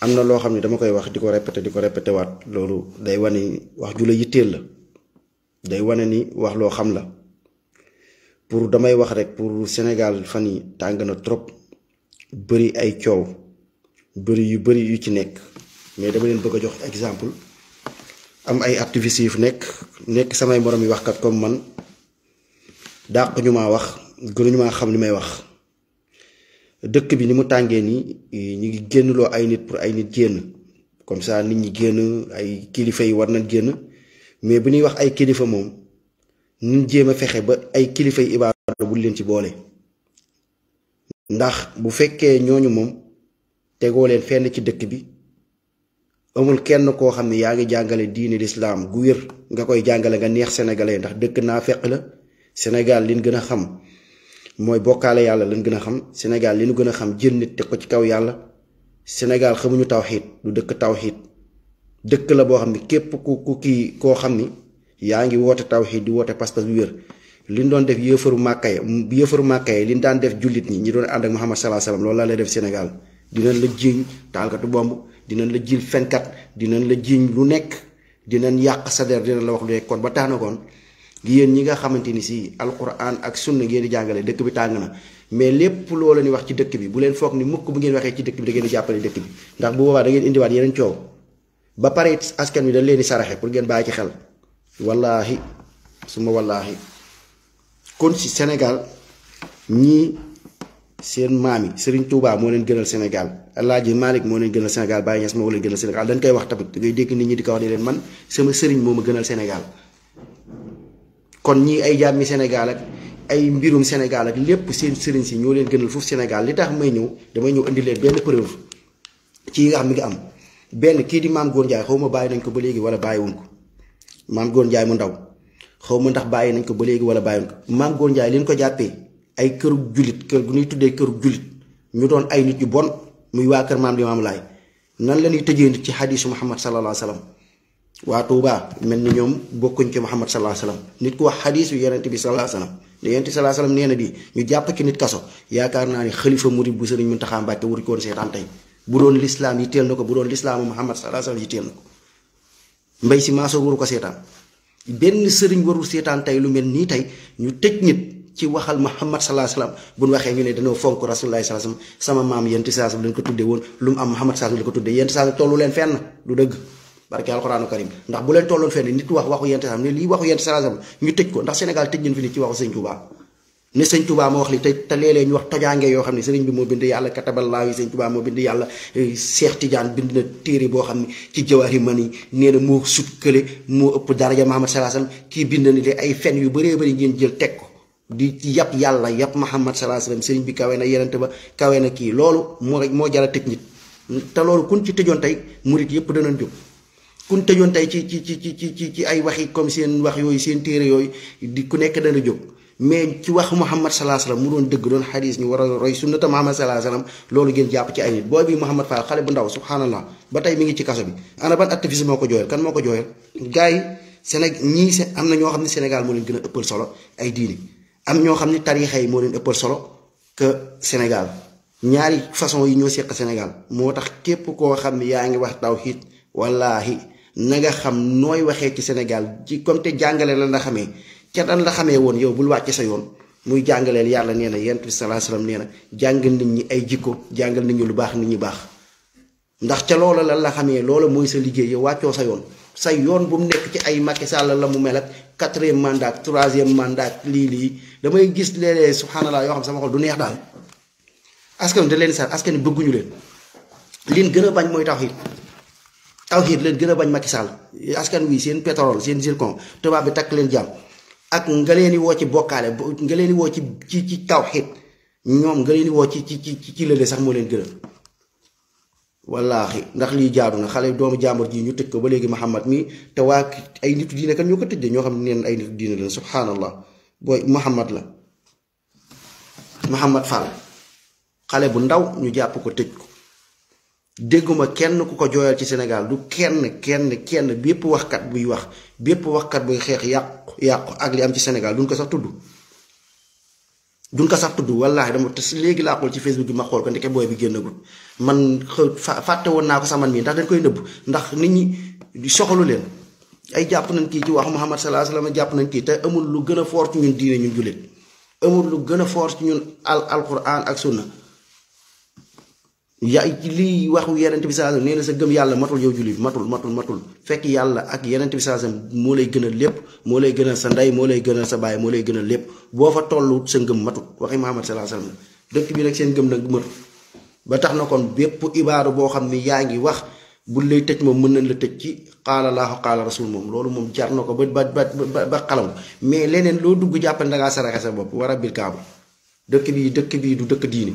am na loo xam ne dama koy wax di ko répété di ko répété waat loolu day wane ni wax ju la yitteel la day wane ni wax loo xam la pour damay wax rek pour Sénégal fan yi tàng na trop bëri ay coow bëri yu bëri yu ci nekk mais dama leen bëgg a jox exemple am ay activistes yu fi nekk nekk samay moroom yi wax kat comme man dàq ñu maa wax gënuñu maa xam li may wax dëkk bi ni mu tàngee nii eh, ñu ngi génnloo ay nit pour ay nit génn comme sa nit ñi génn ay kilifa yi war nañ génn mais bu ñuy wax ay kilifa moom ñu jéem a fexe ba ay kilifa yi ibaada bu leen ci boole. ndax bu fekkee ñooñu moom tegoo leen fenn ci dëkk bi amul kenn koo xam ne yaa ngi jàngale diine lislaam gu wér nga koy jàngale nga neex sénégalais ndax dëkk naa feq la senegal liñ gën a xam. mooy bokkaale yàlla lañ gën a xam Sénégal li nu gën a xam jël nit te ko ci kaw yàlla Sénégal xamuñu tawxiid du dëkk tawxiid dëkk la boo xam ne képp ku ku kii koo xam ni yaa ngi woote tawxiid di woote pas-pas bu wér li ñu doon def yëfaru màkka yi yëfaru màkka yi li ñu daan def jullit ñi ñu doon ànd ak Muhammad salaa salaam loolu laa lay def Sénégal dinañ la jiiñ taalkatu bomb dinañ la jiil fenkat dinañ la jiiñ lu nekk dinañ yàq sa der dinañ la wax lu nekk ba tax na yéen ñi nga xamante ni si alquran ak sunna ngeen di jàngale dëkk bi tàng na mais lépp loola ni wax ci dëkk bi bu leen foog ni mukk bu ngeen waxee ci dëkk bi da ngeen di jàppale dëkk bi ndax bu boobaa da ngeen indiwaat yeneen coow ba pare askan wi dañ leen di saraxe pour ngeen bàyyi ci xel wallaahi suma wallaahi kon si senegal ñii seen maam yi Serigne moo leen gënal senegal El Hadj Malick moo leen gënal Sénégal Baye Niass moo leen gënal Sénégal dañ koy wax tamit da ngay ñi di ko leen man sama Serigne moo ma gënal Sénégal. kon ñii ay jàmmi Sénégal ak ay mbirum Sénégal ak lépp seen sëriñ si ñoo leen gënal foofu Sénégal li tax may ñëw damay ñëw indi leen benn preuve ci yi nga xam mi nga am benn kii di maam Góor Njaay xaw ma bàyyi nañ ko ba léegi wala bàyyiwuñ ko maam Góor mu ndaw xaw ma ndax bàyyi nañ ko ba léegi wala bàyyiwuñ ko maam Góor Njaay li ko jàppee ay kërug jullit kër gu ñuy tuddee kërug jullit ñu doon ay nit yu bon muy waa kër maam li maam laay nan la ñuy tëjee nit ci xadisu Muhammad sallallahu alayhi wa sallam waa tuuba mel ni ñoom bokkuñ ci Muhammad salaa salaam nit ku wax xadiis yu yonent bi salaa salaam ne yonent salaa salaam nee na di ñu jàpp ci nit kaso yaakaar naa ne xalifa murid bu sëriñ Muntaxa Mbàkke waru ko woon seetaan tey bu doon lislaam yi teel na ko bu doon lislaamu Muhammad salaa salaam yi na ko mbay si maaso waru ko seetaan benn sëriñ waru seetaan tey lu mel nii tey ñu tëj nit ci waxal Muhammad salaa salaam bu ñu waxee ñu ne dañoo fonk rasulullahi salaa salaam sama maam yonent salaa salaam ko tuddee woon lu mu am Muhammad ko tuddee yonent salaa salaam tollu leen fenn du dëgg barke alxuraanu karim ndax bu leen tolloon fenn nit wax waxu yent sam ne lii waxu yent saraasam ñu tëj ko ndax Sénégal tëj nañ fi li ci waxu sëñ Touba ne te te léeg-léeg ñu wax tojaange yoo xam ne sëriñ bi moo bind yàlla kataballaahu yi sëñ Touba moo bind yàlla bind na téere boo xam ne ci jawaari man yi nee na moo sut kële moo ëpp daraja Mahamad saraasam kii bind na li ay yu bëree bëri ngeen jël teg ko di yàpp yàlla yàpp Mahamad saraasam sëriñ bi kawe na yenente ba kawe na kii loolu moo moo jara tëj nit te loolu kun ci tëjoon tey murit yëpp danañ jóg kun tëjoon tey ci ci ci ci ci ci ay waxi comme seen wax yooyu seen téere yooyu di ku nekk dana jóg mais ci wax Muhammad salaa salaam mu doon dëgg doon xadis ñu war a roy sunnata Muhammad salaa salaam loolu ngeen jàpp ci ay nit booy bi Muhammad Fall xale bu ndaw subhanallah ba tay mi ngi ci kaso bi ana ban activiste moo ko jooyal kan moo ko jooyal gars yi Sénégal ñii se am na ñoo xam ne Sénégal moo leen gën a ëppal solo ay diini am ñoo xam ne tariixa yi moo leen ëppal solo Sénégal ñaari façon yi ñoo seq Sénégal moo tax képp koo xam ne yaa ngi wax tawhid wallaahi na nga xam nooy waxee ci Sénégal ci comme te jàngale lan la xamee ca dan la xamee woon yow bul wàcce sa yoon muy jàngaleel yàlla nee na yonent bi sallallahu alayhi wasallam nee na ñi ay jikko jàngal nit ñi lu baax nit ñi baax ndax ca loola lan la xamee loola mooy sa liggéey yow sa yoon sa yoon bu mu ci ay Macky Sall la mu mel ak quatrième mandat troisième mandat lii lii damay gis léeg-léeg subhanallah yoo xam sama xol du neex daal askan da leen askan bëgguñu leen liin gën a bañ mooy tawhid tawxiid leen gën a bañ Macky Sall askan wii seen pétrole seen zircon tubaab bi takk leen jàmm ak nga leen di woo ci bokkaale nga leen di woo ci ci ci tawxiid ñoom nga leen di woo ci ci ci ci lële sax moo leen gën a wallaahi ndax lii jaadu na xale doomu jàmbur ji ñu tëj ko ba léegi Mouhamad mi te waa ay nitu diine kan ñoo ko tëj de ñoo xam ne neen ay nitu diine la subhanallah booy Mouhamad la Mouhamad Fall xale bu ndaw ñu jàpp ko tëj ko dégguma kenn ku ko jooyal ci Sénégal du kenn kenn kenn bépp waxkat buy wax bépp waxkat buy xeex yàqu yàqu ak li am ci Sénégal duñ ko sax tudd duñ ko sax tudd wallaahi dama te si léegi laa xool ci Facebook bi ma xool ko ndeke booy bi génnagul man fàtte woon naa ko sax man mii ndax dañ koy nëbb ndax nit ñi soxalu leen ay jàpp nañ kii ci waxu Muhammad sallallahu alayhi wasallam jàpp nañ kii te amul lu gën a fort ci ñun diine ñun jullit amul lu gën a fort ñun al alquran ak sunna ya lii waxu yenent bi sa nee na sa gëm yàlla matul yow jullit matul matul matul fekk yàlla ak yenent bi saasam moo lay gënal lépp moo lay gënal sa ndey moo lay gënal sa baay moo lay gënal lépp boo fa tollu sa ngëm matut waxi Muhammad sallallahu alayhi dëkk bi nag seen ngëm nag matut ba tax na kon bépp ibaadu boo xam ne yaa ngi wax bu lay tëj moom mën nañ la tëj ci qaala laahu qaala rasul moom loolu moom jar na ko ba ba ba ba xalaw mais leneen loo dugg jàppal dangaa saraxe sa bopp war a biir kaaba dëkk bii dëkk bii du dëkk diini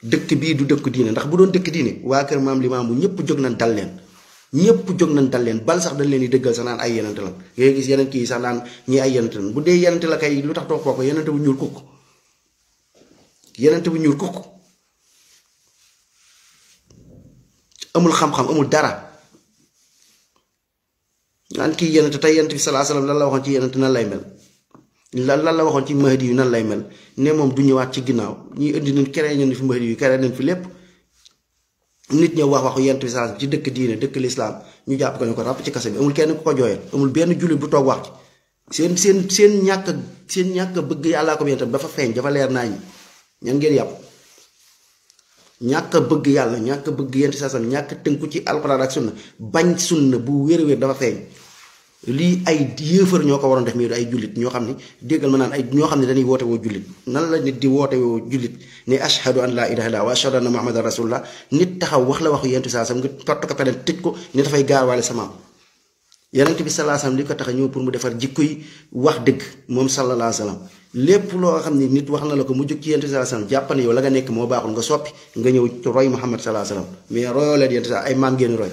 dëkk bii du dëkk diine ndax bu doon dëkk diine waa kër maam limaamu ñëpp jóg nañ dal leen ñëpp jóg nañ dal leen bal sax dañ leen di dëggal sax naan ay yenente la ngay gis yeneen kii sax ñi ay yenente bu dee yenente la kay lu tax toppoo ko yenente bu ñuul kukk yenente amul xam-xam amul dara naan kii yenente tey yenente bi salaa salaam lan la waxoon ci yenente nan lay mel lan lan la waxoon ci mahdi yu nan lay mel ne moom du ñëwaat ci ginnaaw ñuy indi nañ créé nañ fi mahdi yu créé nañ fi lépp nit ñëw wax waxu yent visage bi ci dëkk diine dëkk lislaam ñu jàpp ko ne ko ràpp ci kase bi amul kenn ku ko jooyal amul benn jullit bu toog wax ci seen seen seen ñàkk seen ñàkk bëgg yàllaa ko yentam dafa feeñ dafa leer naa ñi ñan ngeen yàpp ñàkk bëgg yàlla ñàkk bëgg yent visage ñàkk tënku ci alxuraan ak sunna bañ sunna bu wér dafa feeñ lii ay yéefar ñoo ko waroon def mais du ay jullit ñoo xam ne déggal ma naan ay ñoo xam ne dañuy woote woo jullit nan la nit di woote woo jullit ne ashhadu an laa ilaha illallah wa ashhadu anna muhammadan rasulullah nit taxaw wax la waxu saa sam nga tort ko peleen ko dafay gaarwaale samaam yonent bi sallallahu alayhi wasallam li ko tax ñëw pour mu defar jikko wax dëgg moom sallallahu alayhi wasallam lépp loo xam ne nit wax na la ko mu jóg ci yonent jàpp ne la nga nekk moo baaxul nga soppi nga ñëw roy muhammad sallallahu alayhi wasallam mais royoo leen ay maam ngeen roy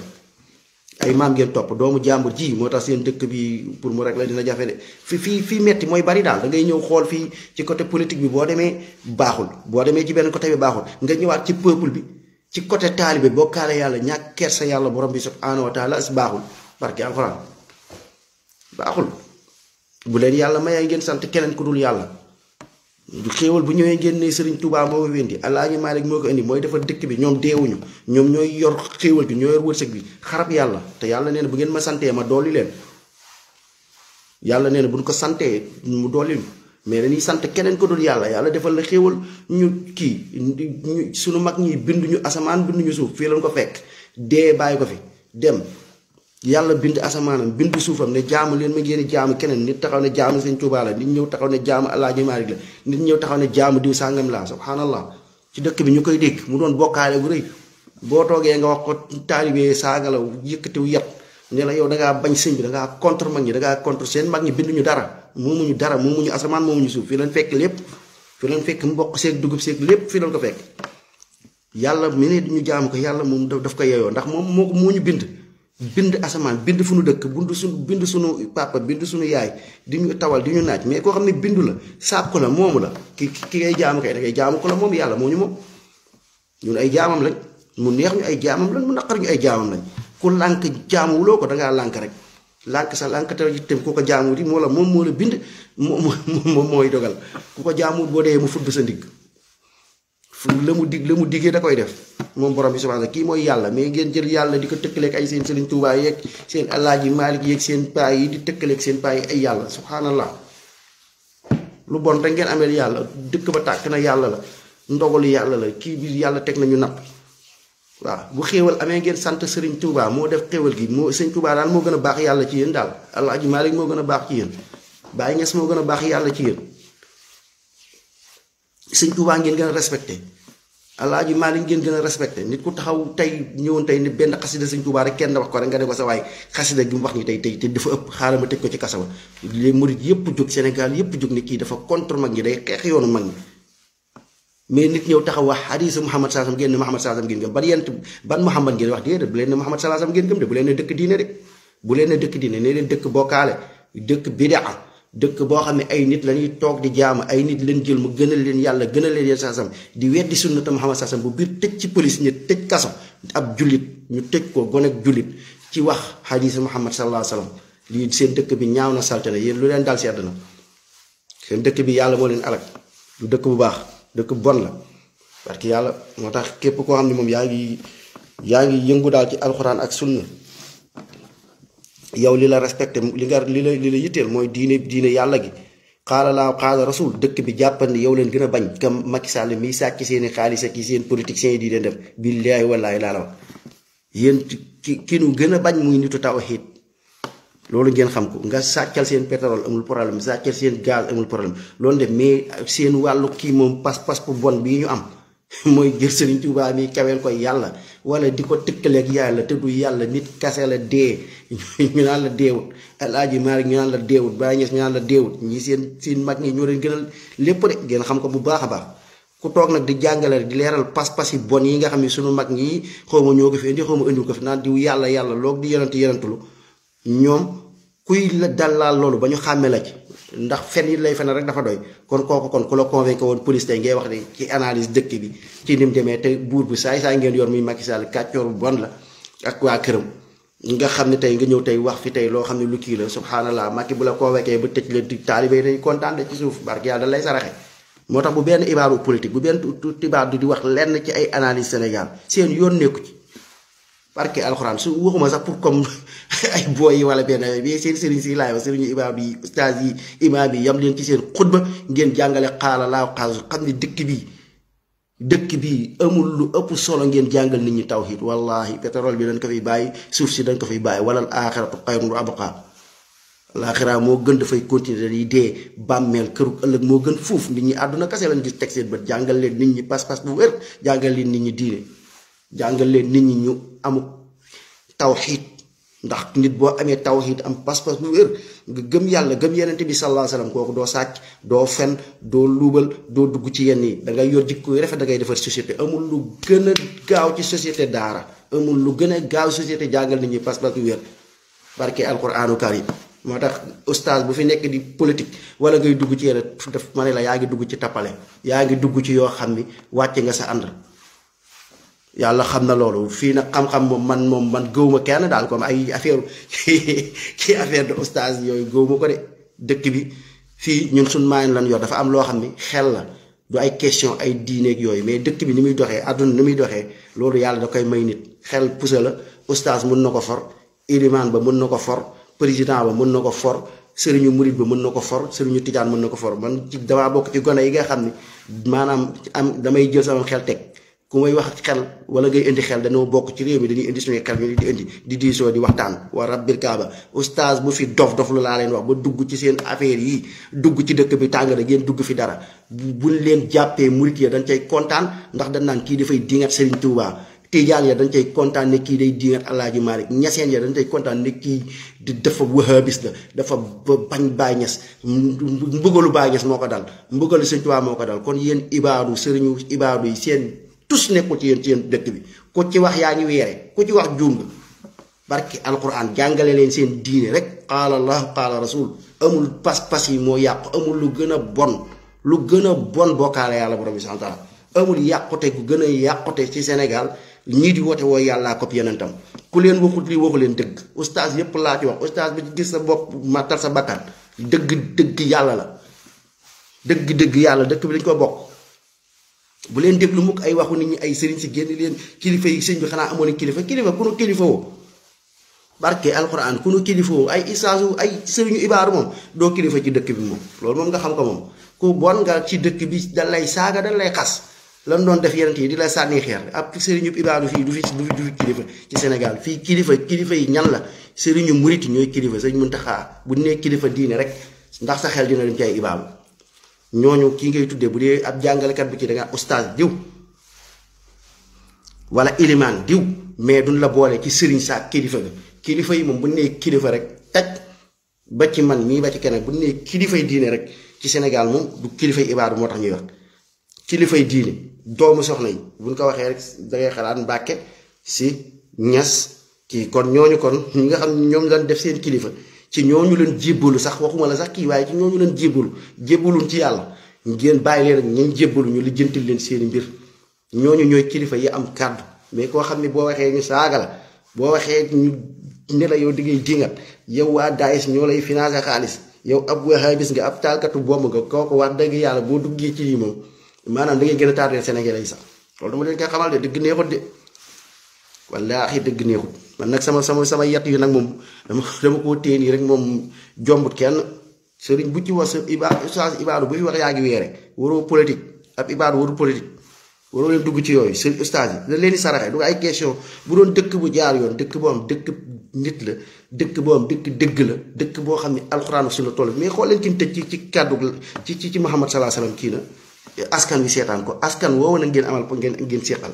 ay maam ngeen topp doomu jàmbur ji moo tax seen dëkk bi pour mu rek la dina jafe de fi fii fii metti mooy bari daal dangay ñëw xool fii ci côté politique bi boo demee baaxul boo demee ci benn côté bi baaxul nga ñëwaat ci peuple bi ci côté boo bokkaale yàlla ñàkk sa yàlla borom bi subhaanahu wa taala baaxul barke alxuraan baaxul bu leen yàlla mayee ngeen sant keneen ku dul yàlla xéewal bu ñëwee génnee Serigne Touba moo ko wéndi Alaaji Maalik moo ko indi mooy defar dëkk bi ñoom deewuñu ñoom ñooy yor xéewal bi ñoo yor wërsëg bi xarab yàlla te yàlla nee na bu ngeen ma santee ma dolli leen yàlla nee na buñ ko santee mu dolli ñu mais dañuy sant keneen ko dul yàlla yàlla defal la xéewal ñu kii suñu mag ñi binduñu asamaan binduñu suuf fii lañ ko fekk dee bàyyi ko fi dem yàlla bind asamaanam bind suufam ne jaamu leen ma ngeen jaamu keneen nit taxaw ne jaamu sëñ Tuubaa la nit ñëw taxaw ne jaamu Alaaji Maalik la nit ñëw ne jaamu diw sàngam laa subhanallah ci dëkk bi ñu koy dégg mu doon bokkaale bu rëy boo toogee nga wax ko taalibe saaga la yëkkatiw yat ne la yow da ngaa bañ sëñ bi da contre mag ñi da ngaa contre seen mag ñi binduñu dara moomuñu dara moomuñu asamaan ñu suuf fii lañ fekk lépp fii lañ fekk mboq seeg dugub seeg lépp fii lañ ko fekk yàlla mi ñu jaamu ko yàlla moom daf ko yeyoo ndax moom moo moo ñu bind bind asamaan bind fu nu dëkk bind su bind suñu papa bind suñu yaay di ñu tawal di ñu naaj mais koo xam ne bindu la sàpp ko la moomu la ki ki ngay jaamu da ngay jaamu ko la moom yàlla moo ñu moom ñun ay jaamam lañ mu neex ñu ay jaamam lañ mu naqar ñu ay jaamam lañ ku lànk jaamuwuloo ko dangaa lànk rek lànk sa lànk te itam ko jaamu di moo moom moo la bind moom mooy dogal ku ko jaamu boo dee mu fudd sa ndigg fu la mu dig la mu diggee da koy def moom borom bi subhaana kii mooy yàlla mais ngeen jël yàlla di ko tëkkaleeg ay seen Sëriñ Tuubaa yeeg seen alaaji Maalik yeeg seen paa yi di tëkkaleek seen paa yi ay yàlla subhaanallah lu bon rek ngeen ameel yàlla dëkk ba tàkk na yàlla la ndogalu yàlla la kii bi yàlla teg nañu napp waaw bu xéewal amee ngeen sant Sëriñ Tuubaa moo def xéewal gi moo Sëriñ Tuubaa daal moo gën a baax yàlla ci yéen daal alaaji Maalik moo gën a baax ci yéen Baay Ñas moo gën a baax yàlla ci yéen Sëriñ Tuubaa ngeen gën a respecté alaaji Maalik ngeen gën a respecté nit ku taxaw tey ñëwoon tey ni benn xasida sëñ Tuubaa rek kenn wax ko rek nga ne ko sa waaye xasida gi mu wax ni tey tey te dafa ëpp xaaral ma tëj ko ci kaso ba les murit yëpp jóg Sénégal yëpp jóg ni kii dafa contre mag ñi day xeex yoonu mag ñi mais nit ñëw taxaw wax hadiisu Muhammad sallallahu alayhi wasallam ngeen ne Muhammad sallallahu alayhi wasallam ngeen gëm ban yent ban Muhammad ngeen wax déedéet bu leen ne Muhammad sallallahu alayhi wasallam ngeen gëm de leen ne dëkk diine de bu leen ne dëkk diine ne leen dëkk bokkaale dëkk bidaa dëkk boo xam ne ay nit la ñuy toog di jaama ay nit leen jël mu gënal leen yàlla gënal leen yàlla saasam di weddi sunnata Muhammad saasam bu biir tëj ci police ñu tëj kaso ab jullit ñu tëj ko gone ak jullit ci wax xadiis Muhammad sallallahu alayhi wa sallam lii seen dëkk bi ñaaw na salte na yéen lu leen daal sedd na seen dëkk bi yàlla moo leen alak du dëkk bu baax dëkk bu bon la parce yàlla moo tax képp koo xam ne moom yaa ngi yaa ngi yëngu daal ci alxuraan ak sunna yow li la respecté li nga li la li la yitteel mooy diine diine yàlla gi xaala laa xaala rasul dëkk bi jàppal ni yow leen gën a bañ kam Macky Sall miy sàcc seeni xaalis ak seen politiciens yi di leen def billaahi wallaahi laa la wax yéen ki ki nu gën a bañ muy nitu taw xiit loolu ngeen xam ko nga sàccal seen pétrole amul problème sàccal seen gaz amul problème loolu def mais seen wàllu kii moom pas-pas bu bon bii ñu am mooy jël Sëriñ Tuubaa mi kaweel ko yàlla wala di ko tëkkaleeg yàlla te du yàlla nit kase la dee ñu naan la deewut alaaji Maalik ñu naan la deewut Baay Ñas ñu naan la deewut ñi seen seen mag ñi ñoo leen gënal lépp de ngeen xam ko bu baax a baax ku toog nag di jàngale di leeral pas-pas yi bon yi nga xam ne suñu mag ñi xaw ma ñoo ko fi indi ma indiwu ko naan diw yàlla yàlla loog di yonent yonentulu ñoom kuy la dalaal loolu ba ñu xàmmee la ci ndax fen yi lay fenal rek dafa doy kon kooku kon ku la convaincu woon police tey ngay wax ne ci analyse dëkk bi ci ni demee te buur bu saay saay ngeen yor muy Macky Sall kàccoor bu bon la ak waa këram nga xam ne tey nga ñëw tey wax fi tey loo xam ne lu kii la subhanallah Macky bu la convaincu ba tëj leen di taalibe dañuy kontaan de ci suuf barke yàlla dañ lay saraxe moo tax bu benn ibaaru politique bu benn tibaar du di wax lenn ci ay analyse Sénégal seen nekku ci barke alxuraan su waxuma sax pour comme ay booy yi wala benn affaire bi seen sëriñ si laay wax sëriñu imaam yi ustaas yi imaam yi yam leen ci seen xutba ngeen jàngale xaala laaw xaasu xam ne dëkk bii dëkk bii amul lu ëpp solo ngeen jàngal nit ñi tawhid wallahi pétrole bi dañ ko fiy bàyyi suuf si dañ ko fiy bàyyi wala aaxiratu xayrun wa abqa moo gën dafay continuer dañuy dee bàmmeel këru ëllëg moo gën fuuf nit ñi àdduna kase lañ di teg seen bët jàngal leen nit ñi pas-pas bu wér jàngal leen nit ñi diine jàngal leen nit ñi ñu amu tawxiid ndax nit boo amee tawxiid am pas-pas bu wér nga gëm yàlla gëm yenente bi sallallahu alayhi kooku doo sàcc doo fen doo luubal doo dugg ci yenn yi da ngay yor jikko yu rafet da ngay defar société amul lu gën a gaaw ci société daara amul lu gën a gaaw société jàngal nit ñi pas-pas bu wér barke alquranu karim moo tax oustaz bu fi nekk di politique wala ngay dugg ci yenn def ma ne la yaa ngi dugg ci tappale yaa ngi dugg ci yoo xam ni wàcce nga sa ànd yàlla xam na loolu fii nag xam-xam moom man moom man gëwuma kenn daal comme ay affaire ci affaire de oustaz yooyu gëwuma ko de dëkk bi fii ñun suñ maayin lan yor dafa am loo xam ni xel la du ay question ay diineek yooyu mais dëkk bi ni muy doxee àdduna ni muy doxee loolu yàlla da koy may nit xel pusa la oustaz mun na ko for ilimaan ba mën na ko for président ba mën na ko for sëriñu murit ba mën na ko for sëriñu tijaan mën na ko for man ci damaa bokk ci gone yi nga xam ni maanaam am damay jël sama xel teg ku may wax xel wala ngay indi xel dañoo bokk ci réew mi dañuy indi suñu xel ñu di indi di diisoo di waxtaan wa rabbil kaaba oustaz bu fi dof dof lu laa leen wax ba dugg ci seen affaire yi dugg ci dëkk bi tàngara ngeen dugg fi dara bu buñ leen jàppee murit ya dañ cay kontaan ndax dañ naan kii dafay dingat Serigne Touba Tijaan ya dañ cay kontaan ne kii day dingat Alaaji Maalik ñaseen ya dañ cay kontaan ne kii dafa wahabis la dafa bañ Baay Ñas mbugalu Baay Ñas moo ko dal mbugalu Sëñ Tuubaa moo ko dal kon yéen ibaadu sëriñu ibaadu yi seen tus nekkul ci yéen ci yéen dëkk bi ku ci wax yaa ñu weere ku ci wax juum parki barki alquran jàngale leen seen diine rek qaala allah qaala rasul amul pas-pas yi moo yàqu amul lu gën a bon lu gën a bon bokkaale yàlla borom bi subhaanahu wa amul yàqute ku gën a yàqute ci Sénégal ñii di woote woo yàlla kopp yenentam ku leen waxut lii waxu leen dëgg ustaas yépp laa ci wax ustaas bi ci gis sa bopp matal sa bakkan dëgg dëgg yàlla la dëgg dëgg yàlla dëkk bi dañ ko bokk bu leen déglu mukk ay waxu nit ñi ay sëriñ si génn leen kilifa yi sëñ bi xanaa amoon kilifa kilifa ku nu kilifa woo barke alxuraan ku nu kilifa woo ay isaasu ay sëriñu ibaaru moom doo kilifa ci dëkk bi moom loolu moom nga xam ko moom ku bon ci dëkk bi da lay saaga da lay xas lan doon def yeneen yi di la sànni xeer ab sëriñu ibaaru fii du fi du fi kilifa ci Sénégal fii kilifa kilifa yi ñan la sëriñu murit ñooy kilifa sëñ Muntaxa bu nee kilifa diine rek ndax sa xel dina dem ñooñu kii ngay tuddee bu dee ab jàngalekat bi ci da nga oustaz diw wala ilimaan diw mais duñ la boole ci sëriñ saa kilifa ga kilifa yi moom bu ñu nee kilifa rek taj ba ci man mii ba ci keneen bu ñu kilifa kilifay diine rek ci Sénégal moom du kilifay ibaadu moo tax ñuy wax kilifay diine doomu soxna yi buñ ko waxee rek dangay xalaat mbàkke si ñas kii kon ñooñu kon ñi nga xam ñoom lañ def seen kilifa. ci ñooñu leen jébbalu sax waxuma la sax kii waaye ci ñooñu leen jébbalu jébbaluñ ci yàlla ngeen bàyyi leen ñañ jébbalu ñu lijjantil leen seeni mbir ñooñu ñooy kilifa yi am kàddu mais koo xam ne boo waxee ñu saaga la boo waxee ñu ne la yow di ngay jingat yow waa lay financé xaalis yow ab wahabis nga ab taalkatu bomb nga kooku wax dëgg yàlla boo duggee ci lii moom maanaam da ngay gën a tardé Sénégalais yi sax loolu dama leen koy xamal de dëgg neexut de wallaahi dëgg neexut man nag sama sama sama yat yu nag moom dama dama koo téye nii rek moom jombut kenn sëriñ bu ci wax sa iba sa ibaadu buy wax yaa ngi weere waroo politique ab ibaadu warul politique waroo leen dugg ci yooyu sëriñ ustaas yi la leen di saraxe du ay question bu doon dëkk bu jaar yoon dëkk boo am dëkk nit la dëkk boo am dëkk dëgg la dëkk boo xam ne alxuraanu si la toll mais xool leen ci tëj ci ci kàddu ci ci ci Muhammad salaa salaam kii na askan wi seetaan ko askan woowu na ngeen amal ngeen ngeen seeqal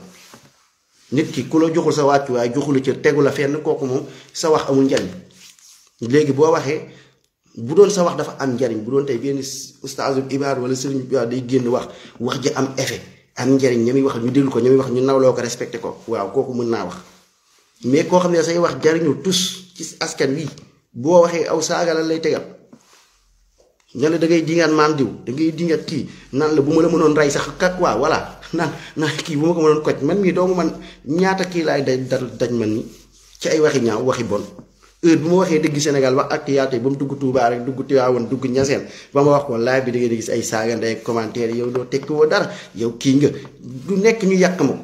nit ki ku la joxul sa wàccuwaay joxula ci tegu la fenn kooku moom sa wax amul njariñ léegi boo waxee bu doon sa wax dafa am njariñ bu doon tey benn ustaasu ibaar wala sëriñ ibaar day génn wax wax ji am effet am njariñ ña wax ñu déglu ko ña wax ñu nawloo ko respecté ko waaw kooku mën naa wax mais koo xam ne say wax jariñu tus ci askan wi boo waxee aw saaga lan lay tegal ña la da ngay dingaat maam diw da ngay dingaat kii naan la bu ma la mënoon rey sax kat waa voilà naan naan kii bu ma ko mënoon koj man mii doomu man ñaata kii laay daj daj man ni ci ay waxi ñaaw waxi bon heure bu ma waxee dëgg Sénégal wax ak yaate ba mu dugg Touba rek dugg Tivaouane dugg Niassène ba ma wax ko live bi da ngeen gis ay saaga ndey commentaire yow doo tekki woo dara yow kii nga du nekk ñu yàq ma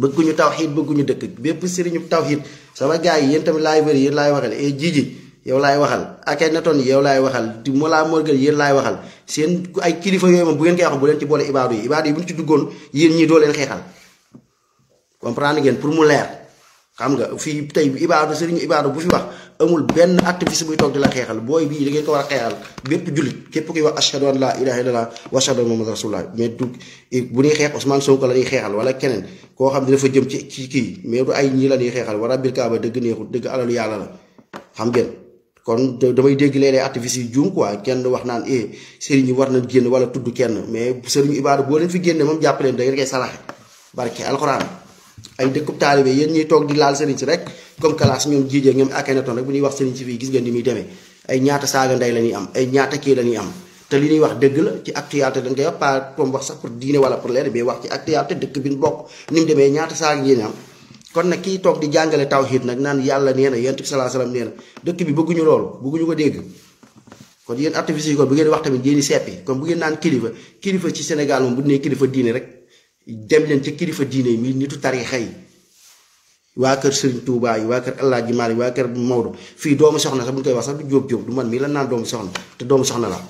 bëgguñu tawxiid bëgguñu dëkk bépp sëriñu taw tawxiid sama gars yi yéen tamit laay bëri yéen laay waxale e eh jii yow laay waxal ak ay netoon yi yow laay waxal di Mollah Morgun yéen laay waxal seen ay kilifa yooyu moom bu ngeen koy wax bu leen ci boole ibaadu yi ibaadu yi bu ñu ci duggoon yéen ñii doo leen xeexal comprendre ngeen pour mu leer xam nga fii tey ibaadu sëriñu ibaadu bu fi wax amul benn activiste buy toog di la xeexal booy bii da ngeen war a xeexal bépp jullit képp kuy wa ashhadu anna muhammadan rasulullah mais du bu ñuy xeex Ousmane Sonko la ñuy xeexal wala keneen koo xam ne dafa jëm ci ci kii mais ay ñii la ñuy xeexal wala biir kaaba dëgg neexul dëgg alalu yàlla la xam ngeen kon damay dégg léeg-léeg activistes yi juum quoi kenn wax naan eh sëriñ yi war nañ génn wala tudd kenn mais sëriñ Ibaadu boo leen fi génne moom jàpp leen da ngeen koy salaxe barke alxuraan ay dëkkub taalibe yéen ñuy toog di laal sëriñ si rek comme classe ñoom jiijee ñoom Akhenaton rek bu ñuy wax sëriñ si fii gis ngeen ni muy demee ay ñaata saaga ndey la ñuy am ay ñaata kii la ñuy am te li ñuy wax dëgg la ci actualité dañ koy wax pas comme wax sax pour diine wala pour leen mais wax ci actualité dëkk bi ñu bokk ni mu demee ñaata saaga yéen kon nag kii toog di jàngale tawxiid nag naan yàlla nee na yonent bi salaa salaam dëkk bi bëgguñu loolu bëgguñu ko dégg kon yéen artifice yi kon bu ngeen wax tamit yéen i seppi kon bu ngeen naan kilifa kilifa ci Sénégal moom bu nee kilifa diine rek dem leen ci kilifa diine yi mi nitu tariixa yi waa kër Serigne Touba waa kër El Hadj Malick waa kër Maodo fii doomu soxna sax bu ñu koy wax sax du jóob jóob du man mii la naan doomu soxna te doomu soxna la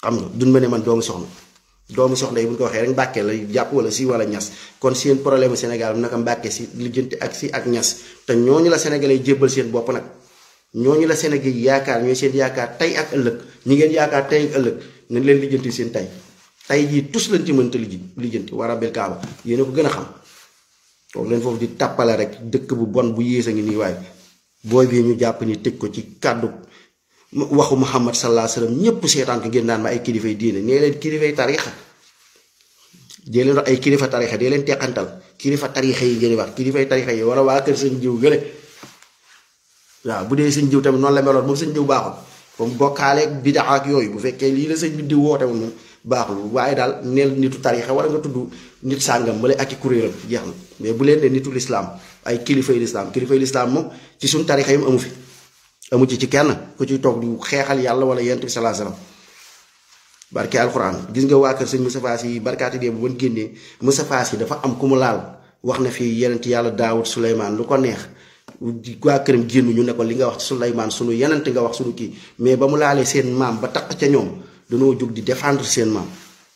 xam nga duñ ma ne man doomu soxna doomu soxla yi bu ñu ko waxee rek mbàkke la jàpp wala si wala ñas kon seen problème Sénégal naka mbàkke si lijjanti ak si ak ñas te ñooñu la sénégalais jébbal seen bopp nag ñooñu la sénégalais yaakaar ñooy seen yaakaar tey ak ëllëg ñi ngeen yaakaar tey ak ëllëg nañ leen lijjanti seen tey tey jii tus lañ ci mënta lij lijjanti war a bil kaaba yéen ko gën a xam toog leen foofu di tàppale rek dëkk bu bon bu yées a ngi nii waaye booy bii ñu jàpp ni tëj ko ci kàddu waxu muhammad sallallahu alayhi wa ñëpp seetaan ko génn naan ma ay kilifay diine nee leen kilifay tarixa dee leen ay kilifa tarixa dee leen teqantal kilifa tarixa yi ngeen wax kilifay tarixa yi wala waa kër jiw gële waaw bu dee seen jiw tamit noonu la meloon moom seen jiw baaxul comme bokkaaleeg bidaa ak yooyu bu fekkee lii la seen jiw di woote woon moom baaxul waaye daal neel nitu tarixa wala nga tudd nit sàngam wala ak i kuréelam jeex na mais bu leen ne nitu lislaam ay kilifay lislaam kilifay lislaam moom ci suñ tarixa yi mu amu fi amu ci ci kenn ku ci toog di xeexal yàlla wala yent bi salaa salaam barke alxuraan gis nga waa kër sëñ Moustapha Sy barkaati dee bu ban génnee Moustapha yi dafa am ku mu laal wax na fii yenent yàlla Daawud Souleymane lu ko neex waa kër génn ñu ne li nga wax Souleymane sunu yenent nga wax sunu kii mais ba mu laalee seen maam ba taq ca ñoom danoo jóg di défendre seen maam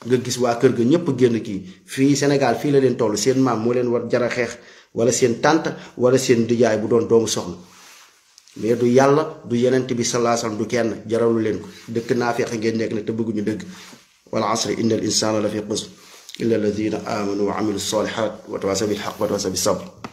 nga gis waa kër gi ñëpp génn kii fii Sénégal fii la leen toll seen maam moo leen war jara xeex wala seen tante wala seen dijaay bu doon doomu soxna mais du yàlla du yenent bi salaa sallam du kenn jaralu leen ko dëkk naa fexe ngeen nekk ne te bëgguñu dëgg wal asri inna al insana la fi xusr illa alladina amanu wa amilu salihat wa tawasa bil xaq wa tawasa bi sabr